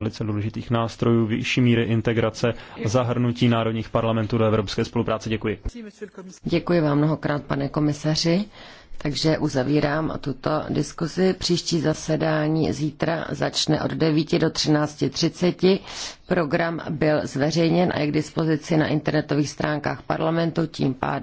velice důležitých nástrojů vyšší míry integrace a zahrnutí národních parlamentů do evropské spolupráce. Děkuji. Děkuji vám mnohokrát, pane komisaři. Takže uzavírám tuto diskuzi. Příští zasedání zítra začne od 9 do 13.30. Program byl zveřejněn a je k dispozici na internetových stránkách parlamentu. Tím pádem